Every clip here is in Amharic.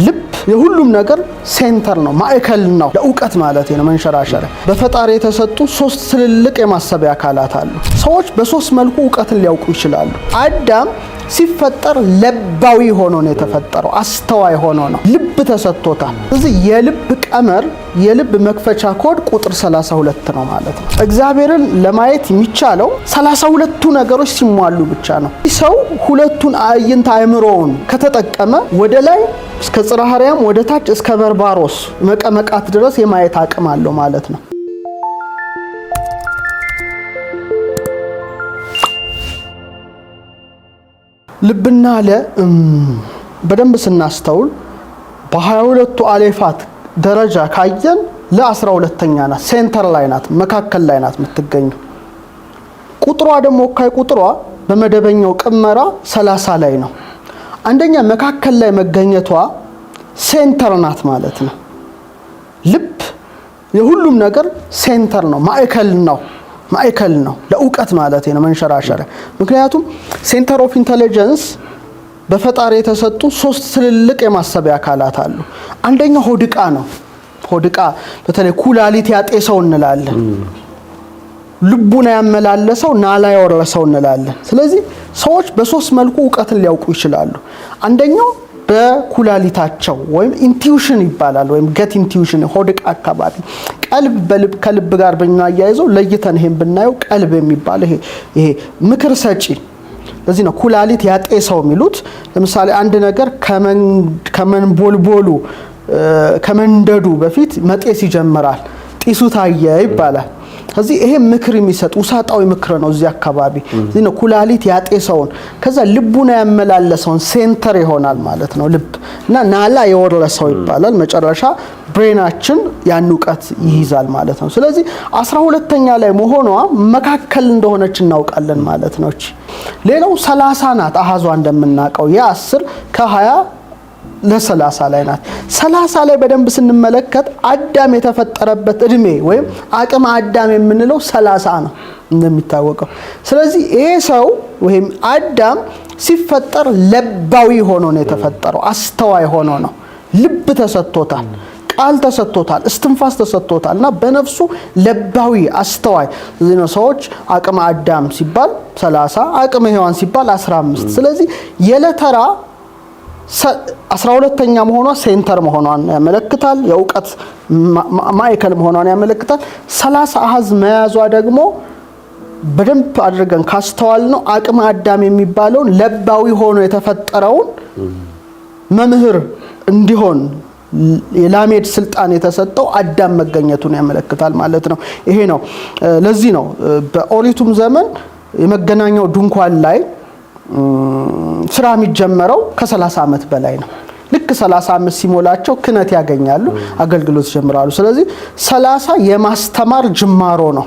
Lıp የሁሉም ነገር ሴንተር ነው፣ ማዕከል ነው። ለእውቀት ማለት ነው መንሸራሸረ በፈጣሪ የተሰጡ ሶስት ትልልቅ የማሰቢያ አካላት አሉ። ሰዎች በሶስት መልኩ እውቀትን ሊያውቁ ይችላሉ። አዳም ሲፈጠር ለባዊ ሆኖ ነው የተፈጠረው። አስተዋይ ሆኖ ነው። ልብ ተሰጥቶታል። እዚህ የልብ ቀመር የልብ መክፈቻ ኮድ ቁጥር 32 ነው ማለት ነው። እግዚአብሔርን ለማየት የሚቻለው 32ቱ ነገሮች ሲሟሉ ብቻ ነው። ሰው ሁለቱን አዕይንት አእምሮውን ከተጠቀመ ወደ ላይ እስከ ጽርሐ አርያም ከአዳም ወደ ታች እስከ በርባሮስ መቀመቃት ድረስ የማየት አቅም አለው ማለት ነው። ልብና አለ በደንብ ስናስተውል በሀያ ሁለቱ አሌፋት ደረጃ ካየን ለአስራ ሁለተኛ ናት። ሴንተር ላይ ናት፣ መካከል ላይ ናት የምትገኘው። ቁጥሯ ደግሞ ወካይ ቁጥሯ በመደበኛው ቅመራ ሰላሳ ላይ ነው። አንደኛ መካከል ላይ መገኘቷ ሴንተር ናት ማለት ነው። ልብ የሁሉም ነገር ሴንተር ነው፣ ማዕከል ነው፣ ማዕከል ነው ለእውቀት ማለት ነው፣ መንሸራሸሪያ። ምክንያቱም ሴንተር ኦፍ ኢንቴሊጀንስ በፈጣሪ የተሰጡ ሶስት ትልልቅ የማሰቢያ አካላት አሉ። አንደኛው ሆድቃ ነው። ሆድቃ በተለይ ኩላሊት ያጤሰው እንላለን፣ ልቡን ያመላለሰው ናላ ያወረሰው እንላለን። ስለዚህ ሰዎች በሶስት መልኩ እውቀትን ሊያውቁ ይችላሉ። አንደኛው በኩላሊታቸው ወይም ኢንቲዩሽን ይባላል ወይም ገት ኢንቲዩሽን ሆድቅ አካባቢ ቀልብ በልብ ከልብ ጋር ብናያይዘው ለይተን ይሄን ብናየው ቀልብ የሚባለው ይሄ ይሄ ምክር ሰጪ ለዚህ ነው ኩላሊት ያጤ ሰው የሚሉት። ለምሳሌ አንድ ነገር ከመንቦልቦሉ ከመንደዱ በፊት መጤስ ይጀምራል። ጢሱ ታየ ይባላል። ከዚህ ይሄ ምክር የሚሰጥ ውሳጣዊ ምክር ነው። እዚህ አካባቢ እዚህ ነው ኩላሊት ያጤሰውን ከዛ ልቡን ያመላለሰውን ሴንተር ይሆናል ማለት ነው ልብ እና ናላ የወረሰው ይባላል። መጨረሻ ብሬናችን ያን እውቀት ይይዛል ማለት ነው። ስለዚህ አስራ ሁለተኛ ላይ መሆኗ መካከል እንደሆነች እናውቃለን ማለት ነው። ሌላው ሰላሳ ናት አሃዟ እንደምናውቀው የአስር ከሀያ ለሰላሳ ላይ ናት። ሰላሳ ላይ በደንብ ስንመለከት አዳም የተፈጠረበት እድሜ ወይም አቅም አዳም የምንለው ሰላሳ ነው እንደሚታወቀው። ስለዚህ ይሄ ሰው ወይም አዳም ሲፈጠር ለባዊ ሆኖ ነው የተፈጠረው። አስተዋይ ሆኖ ነው። ልብ ተሰጥቶታል፣ ቃል ተሰጥቶታል፣ እስትንፋስ ተሰጥቶታል እና በነፍሱ ለባዊ አስተዋይ። ስለዚህ ነው ሰዎች አቅመ አዳም ሲባል 30 አቅመ ሔዋን ሲባል 15። ስለዚህ የለተራ አስራ ሁለተኛ መሆኗ ሴንተር መሆኗን ያመለክታል። የእውቀት ማዕከል መሆኗን ያመለክታል። ሰላሳ አሀዝ መያዟ ደግሞ በደንብ አድርገን ካስተዋል ነው አቅመ አዳም የሚባለውን ለባዊ ሆኖ የተፈጠረውን መምህር እንዲሆን የላሜድ ስልጣን የተሰጠው አዳም መገኘቱን ያመለክታል ማለት ነው። ይሄ ነው። ለዚህ ነው በኦሪቱም ዘመን የመገናኛው ድንኳን ላይ ስራ የሚጀመረው ከ30 ዓመት በላይ ነው። ልክ 35 ሲሞላቸው ክህነት ያገኛሉ፣ አገልግሎት ይጀምራሉ። ስለዚህ 30 የማስተማር ጅማሮ ነው።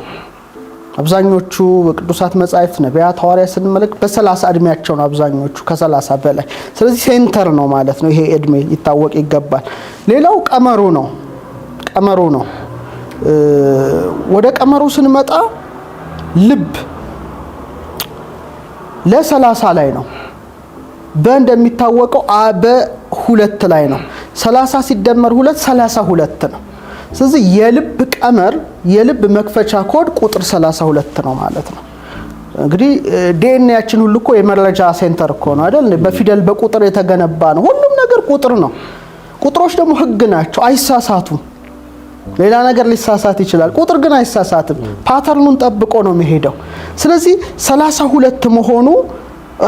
አብዛኞቹ ቅዱሳት መጻሕፍት፣ ነቢያት፣ ሐዋርያት ስንመለክ በ30 እድሜያቸው ነው አብዛኞቹ ከ30 በላይ። ስለዚህ ሴንተር ነው ማለት ነው። ይሄ እድሜ ይታወቅ ይገባል። ሌላው ቀመሩ ነው። ቀመሩ ነው። ወደ ቀመሩ ስንመጣ ልብ ለሰላሳ ላይ ነው። በ እንደሚታወቀው አበ ሁለት ላይ ነው። ሰላሳ ሲደመር ሁለት ሰላሳ ሁለት ነው። ስለዚህ የልብ ቀመር የልብ መክፈቻ ኮድ ቁጥር ሰላሳ ሁለት ነው ማለት ነው። እንግዲህ ዲኤንኤያችን ሁሉ እኮ የመረጃ ሴንተር እኮ ነው አይደል? በፊደል በቁጥር የተገነባ ነው። ሁሉም ነገር ቁጥር ነው። ቁጥሮች ደግሞ ህግ ናቸው፣ አይሳሳቱም። ሌላ ነገር ሊሳሳት ይችላል። ቁጥር ግን አይሳሳትም። ፓተርኑን ጠብቆ ነው የሚሄደው። ስለዚህ ሰላሳ ሁለት መሆኑ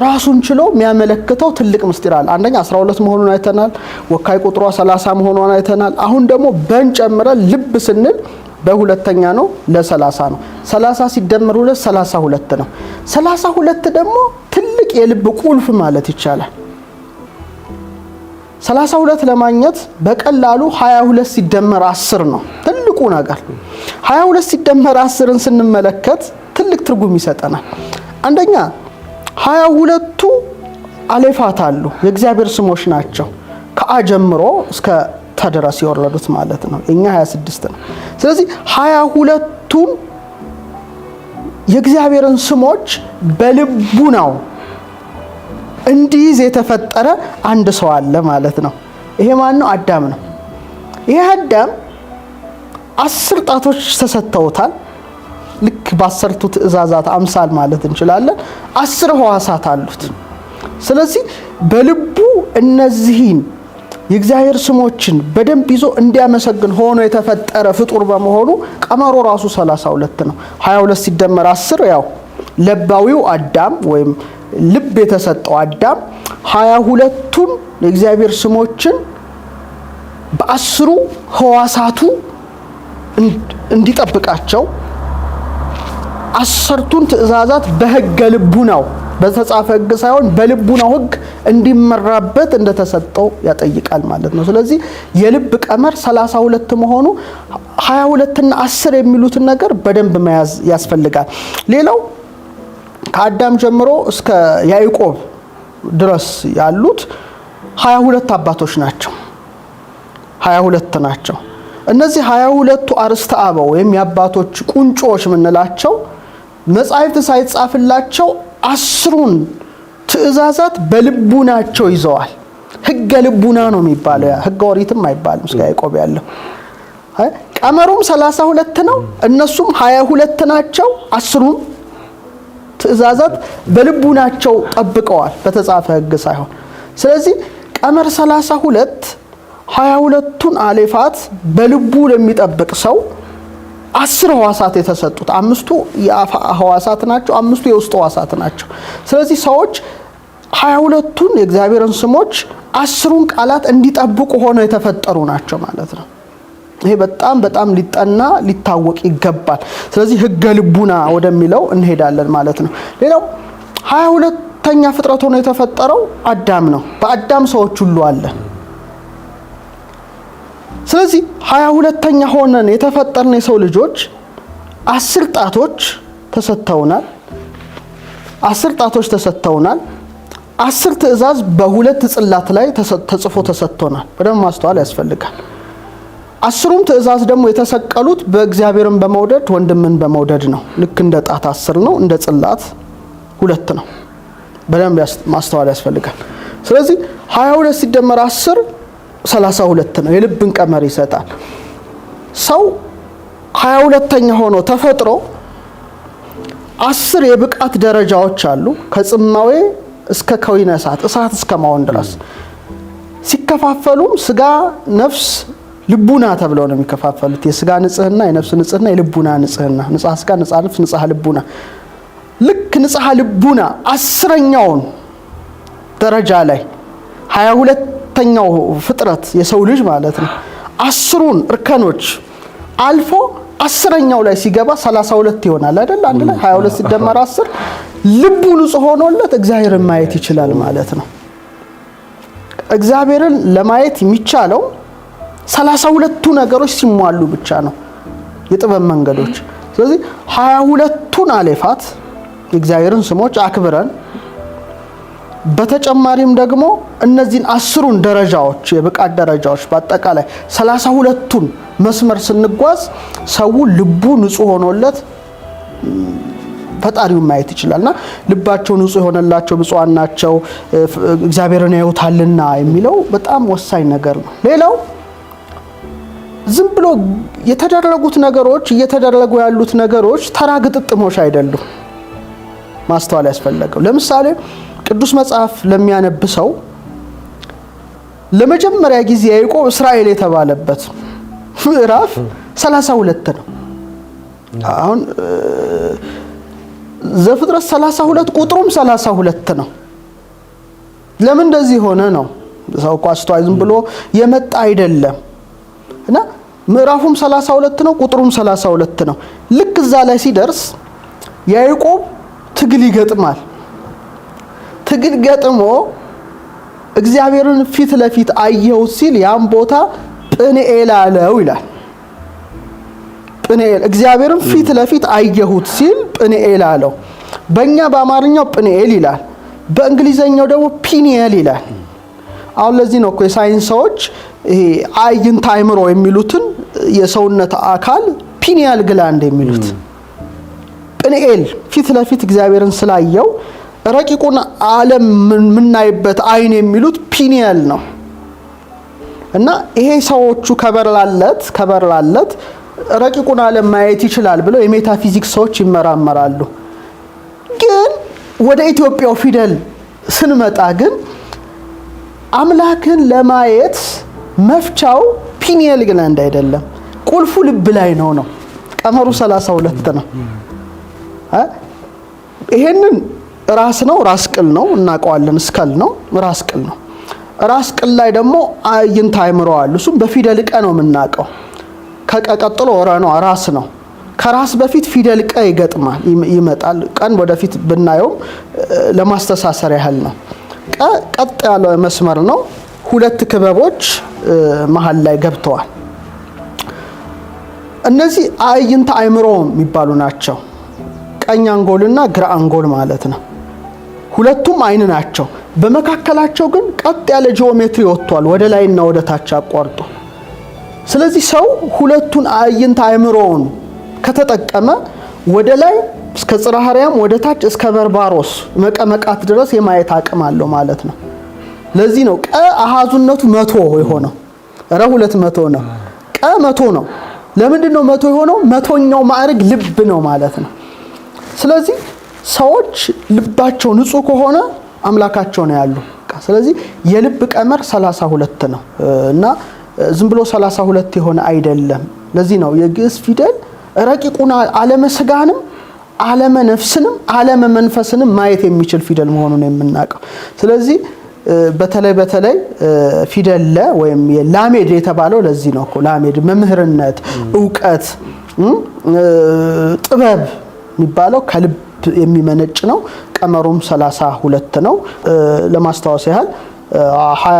ራሱን ችሎ የሚያመለክተው ትልቅ ምስጢር አለ። አንደኛ 12 መሆኑን አይተናል። ወካይ ቁጥሯ 30 መሆኗን አይተናል። አሁን ደግሞ በን ጨምረን ልብ ስንል በሁለተኛ ነው ለሰላሳ ነው። 30 ሲደመር ሁለት ሰላሳ ነው። ሰላሳ ሁለት ደግሞ ትልቅ የልብ ቁልፍ ማለት ይቻላል። 32 ለማግኘት በቀላሉ 22 ሲደመር 10 ነው ትልቁ ነገር። 22 ሲደመር 10ን ስንመለከት ትልቅ ትርጉም ይሰጠናል። አንደኛ 22ቱ አሌፋት አሉ፣ የእግዚአብሔር ስሞች ናቸው። ከአ ጀምሮ እስከ ተድረስ የወረዱት ማለት ነው። እኛ 26 ነው። ስለዚህ 22ቱም የእግዚአብሔርን ስሞች በልቡ ነው እንዲይዝ የተፈጠረ አንድ ሰው አለ ማለት ነው። ይሄ ማን ነው? አዳም ነው። ይሄ አዳም አስር ጣቶች ተሰጥተውታል። ልክ በአሰርቱ ትእዛዛት አምሳል ማለት እንችላለን። አስር ህዋሳት አሉት። ስለዚህ በልቡ እነዚህን የእግዚአብሔር ስሞችን በደንብ ይዞ እንዲያመሰግን ሆኖ የተፈጠረ ፍጡር በመሆኑ ቀመሮ ራሱ 32 ነው። 22 ሲደመር 10 ያው ለባዊው አዳም ወይም ልብ የተሰጠው አዳም ሀያ ሁለቱን የእግዚአብሔር ስሞችን በአስሩ ህዋሳቱ እንዲጠብቃቸው አስርቱን ትእዛዛት በህገ ልቡ ነው በተጻፈ ህግ ሳይሆን በልቡ ነው ህግ እንዲመራበት እንደተሰጠው ያጠይቃል ማለት ነው። ስለዚህ የልብ ቀመር 32 መሆኑ 22ና 10 የሚሉትን ነገር በደንብ መያዝ ያስፈልጋል። ሌላው ከአዳም ጀምሮ እስከ ያዕቆብ ድረስ ያሉት ሀያ ሁለት አባቶች ናቸው። ሀያ ሁለት ናቸው። እነዚህ ሀያ ሁለቱ አርስተ አበው ወይም የአባቶች ቁንጮዎች የምንላቸው መጻሕፍት ሳይጻፍላቸው አስሩን ትእዛዛት በልቡናቸው ይዘዋል። ህገ ልቡና ነው የሚባለው። ህገ ወሪትም አይባልም እስከ ያዕቆብ ያለው ቀመሩም ሰላሳ ሁለት ነው። እነሱም ሀያ ሁለት ናቸው። አስሩን ትእዛዛት በልቡናቸው ጠብቀዋል፣ በተጻፈ ህግ ሳይሆን። ስለዚህ ቀመር 32 ሀያ ሁለቱን አሌፋት በልቡ ለሚጠብቅ ሰው አስር ህዋሳት የተሰጡት አምስቱ ህዋሳት ናቸው፣ አምስቱ የውስጥ ህዋሳት ናቸው። ስለዚህ ሰዎች ሀያ ሁለቱን የእግዚአብሔርን ስሞች አስሩን ቃላት እንዲጠብቁ ሆነው የተፈጠሩ ናቸው ማለት ነው። ይሄ በጣም በጣም ሊጠና ሊታወቅ ይገባል። ስለዚህ ህገ ልቡና ወደሚለው እንሄዳለን ማለት ነው። ሌላው ሀያ ሁለተኛ ፍጥረት ሆኖ የተፈጠረው አዳም ነው። በአዳም ሰዎች ሁሉ አለ። ስለዚህ ሀያ ሁለተኛ ሆነን የተፈጠርን የሰው ልጆች አስር ጣቶች ተሰጥተውናል። አስር ጣቶች ተሰጥተውናል። አስር ትእዛዝ በሁለት ጽላት ላይ ተጽፎ ተሰጥቶናል። በደንብ ማስተዋል ያስፈልጋል። አስሩም ትእዛዝ ደግሞ የተሰቀሉት በእግዚአብሔርን በመውደድ ወንድምን በመውደድ ነው። ልክ እንደ ጣት አስር ነው፣ እንደ ጽላት ሁለት ነው። በደንብ ማስተዋል ያስፈልጋል። ስለዚህ ሀያ ሁለት ሲደመር አስር ሰላሳ ሁለት ነው። የልብን ቀመር ይሰጣል። ሰው ሀያ ሁለተኛ ሆኖ ተፈጥሮ አስር የብቃት ደረጃዎች አሉ ከጽማዌ እስከ ከዊነ እሳት እሳት እስከ ማወን ድረስ ሲከፋፈሉም ስጋ፣ ነፍስ ልቡና ተብለው ነው የሚከፋፈሉት። የስጋ ንጽህና፣ የነፍስ ንጽህና፣ የልቡና ንጽህና። ንጽሐ ስጋ፣ ንጽሐ ነፍስ፣ ንጽሐ ልቡና። ልክ ንጽሐ ልቡና አስረኛውን ደረጃ ላይ ሀያ ሁለተኛው ፍጥረት የሰው ልጅ ማለት ነው አስሩን እርከኖች አልፎ አስረኛው ላይ ሲገባ ሰላሳ ሁለት ይሆናል አይደል? አንድ ላይ ሀያ ሁለት ሲደመር አስር ልቡ ንጹህ ሆኖለት እግዚአብሔርን ማየት ይችላል ማለት ነው። እግዚአብሔርን ለማየት የሚቻለው ሰላሳ ሁለቱ ነገሮች ሲሟሉ ብቻ ነው የጥበብ መንገዶች። ስለዚህ ሀያ ሁለቱን አሌፋት የእግዚአብሔርን ስሞች አክብረን በተጨማሪም ደግሞ እነዚህን አስሩን ደረጃዎች የብቃት ደረጃዎች በአጠቃላይ ሰላሳ ሁለቱን መስመር ስንጓዝ ሰው ልቡ ንጹህ ሆኖለት ፈጣሪውን ማየት ይችላል። እና ልባቸው ንጹህ የሆነላቸው ብፁዓን ናቸው እግዚአብሔርን ያዩታልና የሚለው በጣም ወሳኝ ነገር ነው። ሌላው ዝም ብሎ የተደረጉት ነገሮች እየተደረጉ ያሉት ነገሮች ተራ ግጥጥሞች አይደሉም። ማስተዋል ያስፈለገው ለምሳሌ ቅዱስ መጽሐፍ ለሚያነብ ሰው ለመጀመሪያ ጊዜ ያዕቆብ እስራኤል የተባለበት ምዕራፍ 32 ነው። አሁን ዘፍጥረት 32 ቁጥሩም 32 ነው። ለምን እንደዚህ ሆነ ነው። ሰው እኮ አስተዋይ ዝም ብሎ የመጣ አይደለም እና ምዕራፉም 32 ነው፣ ቁጥሩም 32 ነው። ልክ እዛ ላይ ሲደርስ ያዕቆብ ትግል ይገጥማል። ትግል ገጥሞ እግዚአብሔርን ፊት ለፊት አየሁት ሲል ያም ቦታ ጵንኤል አለው ይላል። ጵንኤል እግዚአብሔርን ፊት ለፊት አየሁት ሲል ጵንኤል አለው። በእኛ በአማርኛው ጵንኤል ይላል፣ በእንግሊዘኛው ደግሞ ፒኒየል ይላል። አሁን ለዚህ ነው እኮ የሳይንስ ሰዎች ይሄ አይንት አይምሮ የሚሉትን የሰውነት አካል ፒኒያል ግላንድ የሚሉት ጵንኤል ፊት ለፊት እግዚአብሔርን ስላየው ረቂቁን ዓለም የምናይበት አይን የሚሉት ፒኒያል ነው እና ይሄ ሰዎቹ ከበርላለት ከበርላለት ረቂቁን ዓለም ማየት ይችላል ብለው የሜታፊዚክስ ሰዎች ይመራመራሉ። ግን ወደ ኢትዮጵያው ፊደል ስንመጣ ግን አምላክን ለማየት መፍቻው ፒኒየል ግላንድ አይደለም፣ ቁልፉ ልብ ላይ ነው ነው ቀመሩ 32 ነው። ይሄንን ራስ ነው ራስ ቅል ነው እናውቀዋለን። እስከል ነው ራስ ቅል ነው። ራስ ቅል ላይ ደግሞ አይንት አይምሮ አሉ። እሱም በፊደል ቀ ነው የምናውቀው። ከቀቀጥሎ ወረ ነው ራስ ነው። ከራስ በፊት ፊደል ቀ ይገጥማል ይመጣል። ቀን ወደፊት ብናየውም ለማስተሳሰር ያህል ነው። ቀ ቀጥ ያለ መስመር ነው። ሁለት ክበቦች መሀል ላይ ገብተዋል። እነዚህ አዕይንተ አእምሮ የሚባሉ ናቸው። ቀኝ አንጎልና ግራ አንጎል ማለት ነው። ሁለቱም አይን ናቸው። በመካከላቸው ግን ቀጥ ያለ ጂኦሜትሪ ወጥቷል፣ ወደ ላይና ወደ ታች አቋርጦ። ስለዚህ ሰው ሁለቱን አዕይንተ አእምሮውን ከተጠቀመ ወደ ላይ እስከ ጽርሐ አርያም ወደ ታች እስከ በርባሮስ መቀመቃት ድረስ የማየት አቅም አለው ማለት ነው። ለዚህ ነው ቀ አሃዙነቱ መቶ የሆነው። ረ ሁለት መቶ ነው። ቀ መቶ ነው። ለምንድን ነው መቶ የሆነው? መቶኛው ማዕረግ ልብ ነው ማለት ነው። ስለዚህ ሰዎች ልባቸው ንጹህ ከሆነ አምላካቸው ነው ያሉ። ስለዚህ የልብ ቀመር 32 ነው እና ዝም ብሎ 32 የሆነ አይደለም። ለዚህ ነው የግዕዝ ፊደል ረቂቁን ዓለመ ስጋንም ዓለመ ነፍስንም ዓለመ መንፈስንም ማየት የሚችል ፊደል መሆኑን የምናውቀው። ስለዚህ በተለይ በተለይ ፊደል ለ ወይም ላሜድ የተባለው ለዚህ ነው ላሜድ መምህርነት፣ እውቀት፣ ጥበብ የሚባለው ከልብ የሚመነጭ ነው። ቀመሩም 32 ነው። ለማስታወስ ያህል ሀያ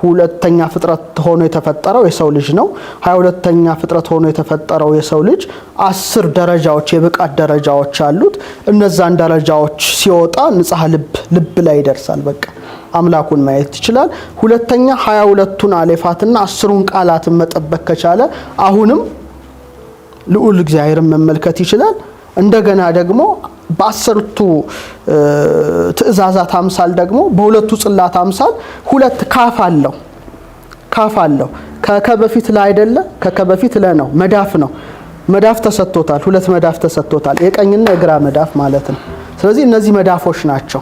ሁለተኛ ፍጥረት ሆኖ የተፈጠረው የሰው ልጅ ነው። ሀያ ሁለተኛ ፍጥረት ሆኖ የተፈጠረው የሰው ልጅ አስር ደረጃዎች የብቃት ደረጃዎች አሉት። እነዛን ደረጃዎች ሲወጣ ንጽሐ ልብ ልብ ላይ ይደርሳል። በቃ አምላኩን ማየት ይችላል። ሁለተኛ ሀያ ሁለቱን አሌፋትና አስሩን ቃላትን መጠበቅ ከቻለ አሁንም ልዑል እግዚአብሔርን መመልከት ይችላል። እንደገና ደግሞ በአስርቱ ትእዛዛት አምሳል ደግሞ በሁለቱ ጽላት አምሳል ሁለት ካፍ አለው ካፍ አለው። ከከ በፊት ለ አይደለ? ከከ በፊት ለ ነው። መዳፍ ነው። መዳፍ ተሰጥቶታል። ሁለት መዳፍ ተሰጥቶታል። የቀኝና የግራ መዳፍ ማለት ነው። ስለዚህ እነዚህ መዳፎች ናቸው።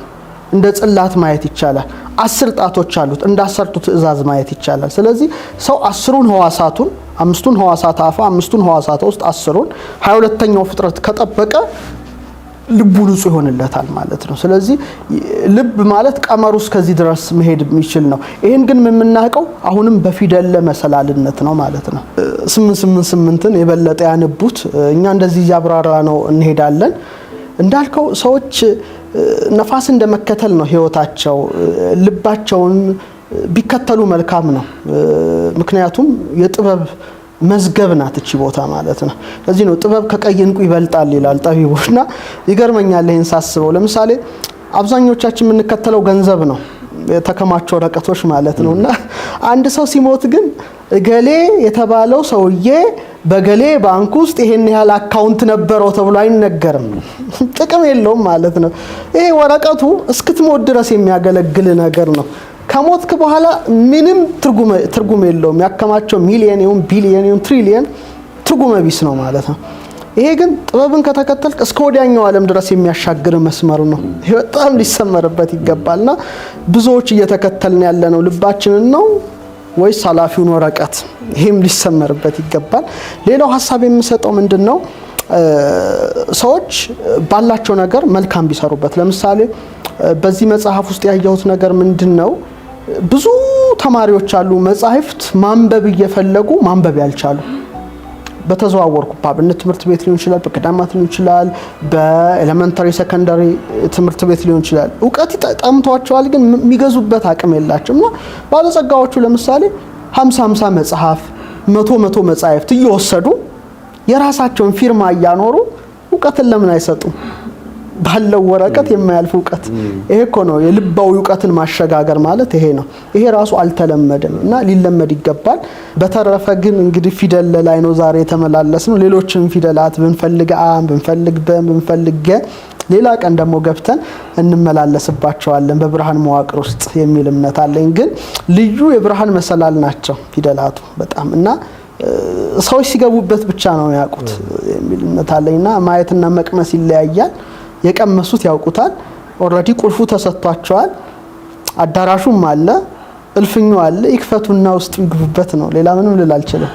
እንደ ጽላት ማየት ይቻላል። አስር ጣቶች አሉት። እንደ አሰርቱ ትእዛዝ ማየት ይቻላል። ስለዚህ ሰው አስሩን ህዋሳቱን አምስቱን ህዋሳት አፋ፣ አምስቱን ህዋሳት ውስጥ አስሩን ሀያ ሁለተኛው ፍጥረት ከጠበቀ ልቡ ንጹህ ይሆንለታል ማለት ነው። ስለዚህ ልብ ማለት ቀመሩ እስከዚህ ድረስ መሄድ የሚችል ነው። ይህን ግን የምናውቀው አሁንም በፊደል መሰላልነት ነው ማለት ነው። ስምንት ስምንት ስምንትን የበለጠ ያንቡት። እኛ እንደዚህ እያብራራ ነው እንሄዳለን። እንዳልከው ሰዎች ነፋስ እንደመከተል ነው ህይወታቸው። ልባቸውን ቢከተሉ መልካም ነው። ምክንያቱም የጥበብ መዝገብ ናት እቺ ቦታ ማለት ነው። ለዚህ ነው ጥበብ ከቀይ እንቁ ይበልጣል ይላል ጠቢቡና ይገርመኛል ይህን ሳስበው። ለምሳሌ አብዛኞቻችን የምንከተለው ገንዘብ ነው፣ የተከማቸው ወረቀቶች ማለት ነው። እና አንድ ሰው ሲሞት ግን እገሌ የተባለው ሰውዬ በገሌ ባንክ ውስጥ ይሄን ያህል አካውንት ነበረው ተብሎ አይነገርም። ጥቅም የለውም ማለት ነው። ይሄ ወረቀቱ እስክትሞት ድረስ የሚያገለግል ነገር ነው። ከሞትክ በኋላ ምንም ትርጉም የለውም። ያከማቸው ሚሊየን ይሁን ቢሊየን ይሁን ትሪሊየን ትርጉመ ቢስ ነው ማለት ነው። ይሄ ግን ጥበብን ከተከተልክ እስከ ወዲያኛው ዓለም ድረስ የሚያሻግር መስመር ነው። ይህ በጣም ሊሰመርበት ይገባልና ብዙዎች እየተከተልን ያለነው ነው። ልባችንን ነው ወይስ ኃላፊውን ወረቀት? ይህም ሊሰመርበት ይገባል። ሌላው ሀሳብ የምሰጠው ምንድን ነው፣ ሰዎች ባላቸው ነገር መልካም ቢሰሩበት። ለምሳሌ በዚህ መጽሐፍ ውስጥ ያየሁት ነገር ምንድን ነው፣ ብዙ ተማሪዎች አሉ መጽሐፍት ማንበብ እየፈለጉ ማንበብ ያልቻሉ በተዘዋወርኩ በአብነት ትምህርት ቤት ሊሆን ይችላል፣ በቀዳማት ሊሆን ይችላል፣ በኤሌመንታሪ ሰከንዳሪ ትምህርት ቤት ሊሆን ይችላል። እውቀት ጠምቷቸዋል፣ ግን የሚገዙበት አቅም የላቸው እና ባለጸጋዎቹ ለምሳሌ 50 50 መጽሐፍ መቶ መቶ መጽሐፍት እየወሰዱ የራሳቸውን ፊርማ እያኖሩ እውቀትን ለምን አይሰጡም? ባለው ወረቀት የማያልፍ እውቀት ይሄ እኮ ነው የልባዊ እውቀትን ማሸጋገር ማለት ይሄ ነው። ይሄ ራሱ አልተለመደም እና ሊለመድ ይገባል። በተረፈ ግን እንግዲህ ፊደል ላይ ነው ዛሬ የተመላለስ ነው። ሌሎችን ፊደላት ብንፈልግ አም ብንፈልግ በም ብንፈልግ ገ ሌላ ቀን ደግሞ ገብተን እንመላለስባቸዋለን በብርሃን መዋቅር ውስጥ የሚል እምነት አለኝ። ግን ልዩ የብርሃን መሰላል ናቸው ፊደላቱ በጣም እና ሰዎች ሲገቡበት ብቻ ነው ያውቁት የሚል እምነት አለኝ እና ማየትና መቅመስ ይለያያል። የቀመሱት ያውቁታል። ኦልሬዲ ቁልፉ ተሰጥቷቸዋል። አዳራሹም አለ፣ እልፍኙ አለ። ይክፈቱና ውስጡ ይግቡበት ነው። ሌላ ምንም ልል አልችልም።